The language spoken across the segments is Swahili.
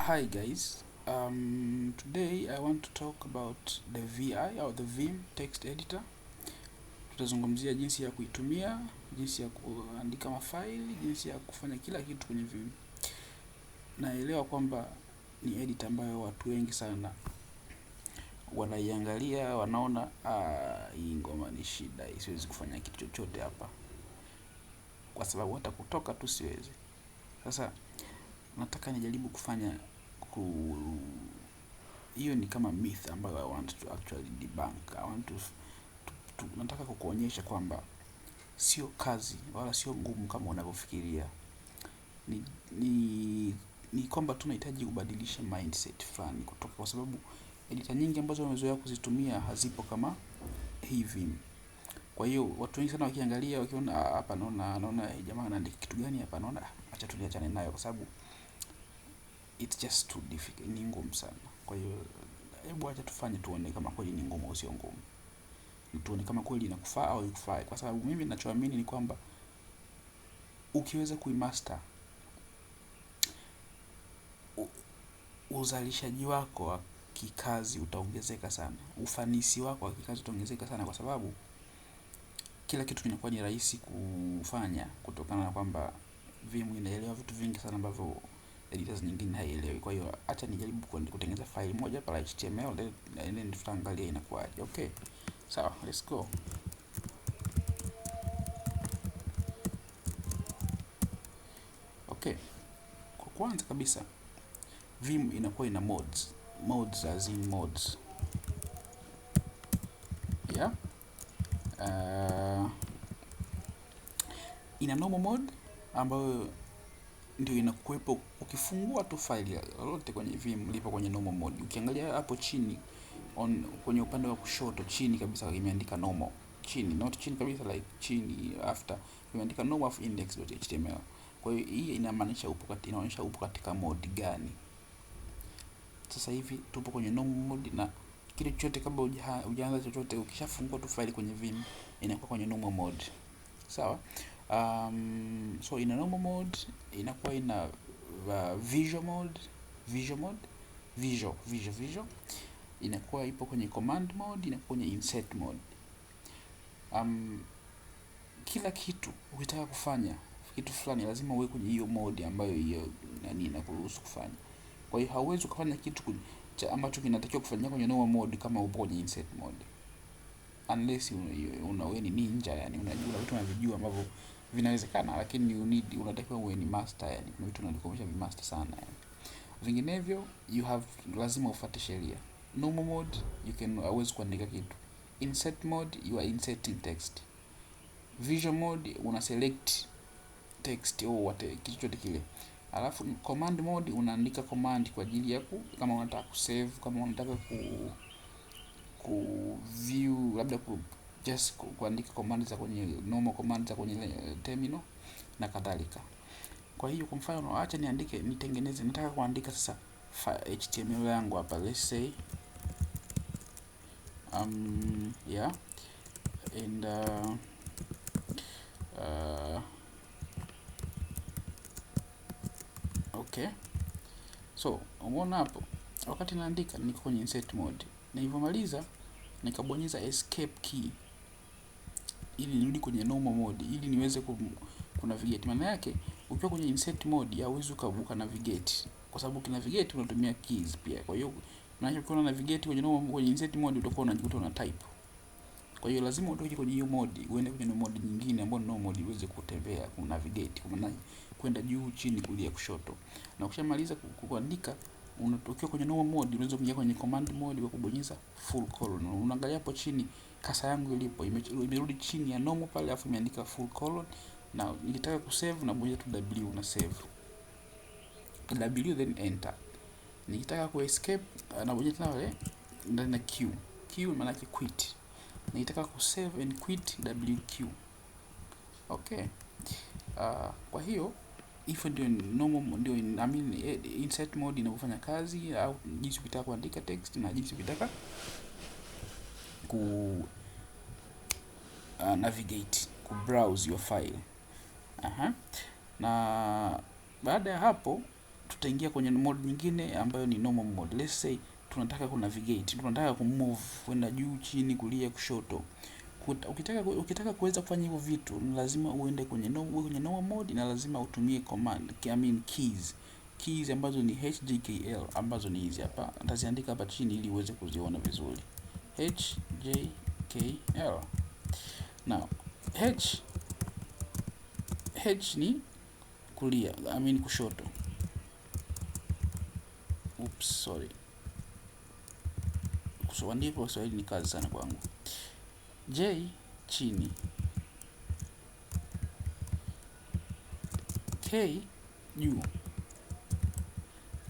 Hi guys, um, today I want to talk about the VI or the Vim text editor. Tutazungumzia jinsi ya kuitumia, jinsi ya kuandika mafaili, jinsi ya kufanya kila kitu kwenye Vim. Naelewa kwamba ni editor ambayo watu wengi sana wanaiangalia, wanaona ah, hii ngoma ni shida, siwezi kufanya kitu chochote hapa, kwa sababu hata kutoka tu siwezi. Sasa nataka nijaribu kufanya ku hiyo ni kama myth ambayo I want to actually debunk. I want to, to, to nataka kukuonyesha kwamba sio kazi wala sio ngumu kama unavyofikiria. Ni, ni, ni kwamba tunahitaji kubadilisha mindset fulani kutoka, kwa sababu edita nyingi ambazo wamezoea kuzitumia hazipo kama hivi. Kwa hiyo watu wengi sana wakiangalia wakiona ah, hapa, naona naona eh, jamaa anaandika kitu gani hapa, naona acha tuliachane nayo kwa sababu it's just too difficult, ni ngumu sana. Kwa hiyo hebu acha tufanye, tuone kama kweli ni ngumu au sio ngumu, tuone kama kweli inakufaa au ikufai, kwa sababu mimi ninachoamini ni kwamba ukiweza kuimaster uzalishaji wako wa kikazi utaongezeka sana, ufanisi wako wa kikazi utaongezeka sana, kwa sababu kila kitu kinakuwa ni rahisi kufanya kutokana na kwamba VMU inaelewa vitu vingi sana ambavyo editors nyingine haielewi. Kwa hiyo acha nijaribu kutengeneza file moja hapa la HTML then tutaangalia inakuwaje. Okay, sawa, so, let's go. Okay, kwa kwanza kabisa Vim inakuwa ina mods mods, as in mods yeah. Uh, ina normal mode ambayo ndio inakuwepo ukifungua tu faili lolote kwenye Vim lipo kwenye normal mode. Ukiangalia hapo chini on, kwenye upande wa kushoto chini kabisa imeandika normal chini, not chini kabisa like chini after imeandika normal of index.html. Kwa hiyo hii inamaanisha upo kati, inaonyesha upo katika mode gani. Sasa hivi tupo kwenye normal mode na kile chochote kabla hujaanza chochote, ukishafungua tu faili kwenye Vim inakuwa kwenye normal mode. Sawa. so, um, so ina normal mode inakuwa ina uh, visual mode visual mode visual visual visual inakuwa ipo kwenye command mode, inakuwa kwenye insert mode. Um, kila kitu ukitaka kufanya kitu fulani lazima uwe kwenye hiyo mode ambayo hiyo nani inakuruhusu kufanya. Kwa hiyo hauwezi kufanya kitu kwenye, cha ambacho kinatakiwa kufanya kwenye normal mode kama upo kwenye insert mode, unless una wewe ni ninja, yani unajua vitu unavijua ambavyo vinawezekana, lakini you need, unatakiwa uwe ni master yani, kuna vitu unalikomesha vi master sana yani. Vinginevyo you have lazima ufuate sheria. Normal mode you can always kuandika kitu. Insert mode you are inserting text. Visual mode una select text au what kitu chote kile. Alafu command mode unaandika command kwa ajili ya ku, kama unataka kusave, kama unataka ku ku view labda ku just kuandika command za kwenye normal command za kwenye eh, terminal na kadhalika. Kwa hiyo kwa mfano acha niandike, nitengeneze, nataka kuandika sasa HTML yangu hapa, let's say um, yeah and uh, uh, okay, so umeona hapo, wakati naandika niko kwenye insert mode, nilivyomaliza nikabonyeza escape key ili nirudi kwenye normal mode ili niweze ku navigate. Maana yake ukiwa kwenye insert mode hauwezi navigate, kwa sababu navigate unatumia keys pia. Kwa hiyo maana ukiona navigate kwenye normal, kwenye insert mode utakuwa unajikuta una type. Kwa hiyo lazima utoke kwenye hiyo mode uende kwenye mode nyingine ambayo normal mode uweze kutembea ku navigate, kwa maana kwenda juu chini, kulia kushoto. Na ukishamaliza kuandika unatokea kwenye normal mode, unaweza kuingia kwenye command mode kwa kubonyeza full colon. Unaangalia hapo chini kasa yangu ilipo imerudi chini ya normal pale, afu imeandika full colon, na ku save na bonyeza tu w na save w then enter. Nikitaka ku escape eh, na bonyeza tena wale ndani na q q, maana yake quit. Nikitaka ku save and quit wq. Okay, uh, kwa hiyo hivyo ndio normal, ndio I mean eh, insert mode inavyofanya kazi, au jinsi ukitaka kuandika text na jinsi ukitaka ku uh, navigate ku browse your file. Aha. Na baada ya hapo tutaingia kwenye mode nyingine ambayo ni normal mode. Let's say tunataka ku navigate, tunataka ku move kwenda juu, chini, kulia, kushoto. Ukitaka ukitaka kuweza kufanya hivyo vitu ni lazima uende kwenye normal, kwenye normal mode na lazima utumie command, I mean keys. Keys ambazo ni hdkl ambazo ni hizi hapa. Nitaziandika hapa chini ili uweze kuziona vizuri. HJKL. Now, H H ni kulia, I mean kushoto. Oops, sorry. Kuandika kwa Kiswahili ni kazi sana kwangu. J chini. K juu.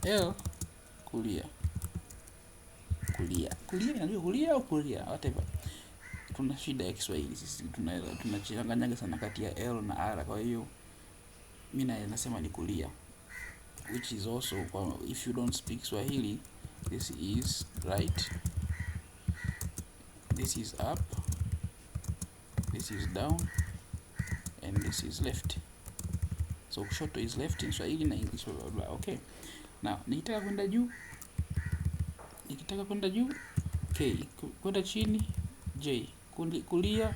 L kulia kulia. Kulia inajua kulia au kulia whatever. Tuna shida ya Kiswahili sisi, tunaweza tunachanganyaga sana kati ya L na R, kwa hiyo mimi nasema ni kulia, which is also kwa, if you don't speak Swahili this is right, this is up, this is down and this is left. So kushoto is left in Swahili na English blah blah blah. Okay, now nitaka kwenda juu ikitaka kwenda juu K, kwenda chini J, kulia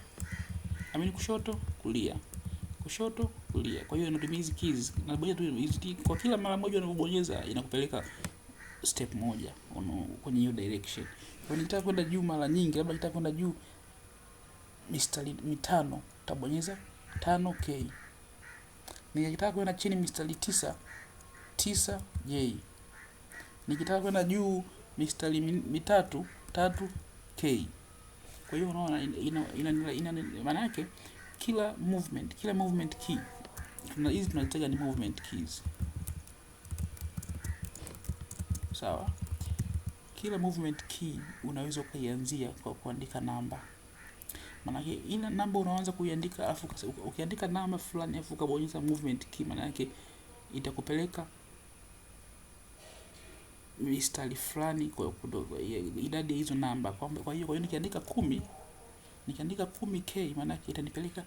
amini, kushoto kulia, kushoto kulia. Kwa hiyo natumia hizi keys na bonyeza tu hizi kwa kila mara moja unapobonyeza inakupeleka step moja ono, kwenye hiyo direction. Kwa nitaka kwenda juu mara nyingi, labda nitaka kwenda juu mistari mitano tabonyeza 5 K. Nikitaka kwenda chini mistari tisa tisa J. Nikitaka kwenda juu mistari mitatu tatu k. Kwa hiyo unaona ina ina maana yake kila movement, kila movement key tuna hizi tunazitaja ni movement keys, sawa. Kila movement key unaweza ukaianzia kwa kuandika namba, maanake ina namba unaanza kuiandika, afu ukiandika namba fulani afu ukabonyeza movement key, maana yake itakupeleka mistari fulani kwa kudogo idadi ya hizo namba. Kwa hiyo kwa hiyo nikiandika kumi, nikiandika kumi k maana yake itanipeleka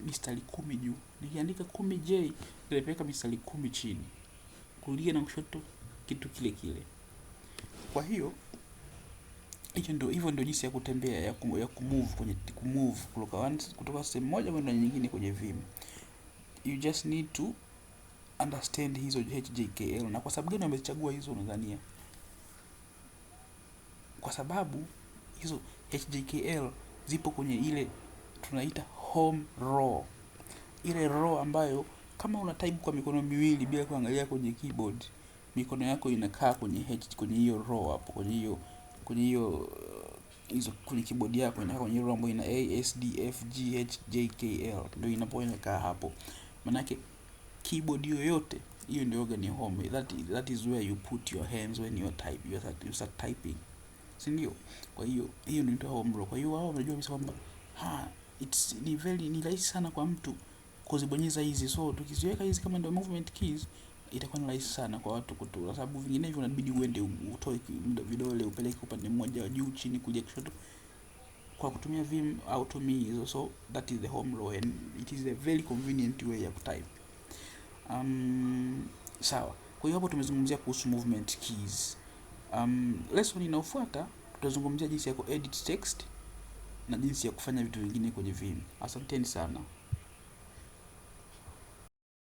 mistari kumi juu, nikiandika kumi j itanipeleka mistari kumi chini, kulia na kushoto kitu kile kile. Kwa hiyo hicho ndio hivyo ndio jinsi ya kutembea ya, kum, ya kumove kwenye kumove kutoka sehemu moja kwenda nyingine kwenye vim. You just need to understand hizo HJKL. Na kwa sababu gani wamezichagua hizo unadhania? Kwa sababu hizo HJKL zipo kwenye ile tunaita home row, ile row ambayo kama una type kwa mikono miwili bila kuangalia kwenye keyboard, mikono yako inakaa kwenye H, kwenye hiyo row hapo, kwenye hiyo kwenye hiyo uh, hizo kwenye keyboard yako inakaa kwenye row ambayo ina A S D F G H J K L, ndio inapoenda kaa hapo manake keyboard yoyote hiyo ndio organ ya home. That, is, that is where you put your hands when you type, you start, you start typing, si ndio? Kwa hiyo hiyo ndio home bro. Kwa hiyo wao wanajua kabisa kwamba ha it's ni very ni rahisi sana kwa mtu kuzibonyeza hizi, so tukiziweka hizi kama ndio movement keys itakuwa ni rahisi sana kwa watu kutu, kwa sababu vinginevyo unabidi uende utoe vidole upeleke upande mmoja wa juu chini kuja kushoto kwa kutumia Vim au tumii hizo. So that is the home row and it is a very convenient way ya kutype. Um, sawa. Kwa hiyo hapo tumezungumzia kuhusu movement keys. Um, lesson inayofuata tutazungumzia jinsi ya kuedit text na jinsi ya kufanya vitu vingine kwenye Vim. Asanteni sana.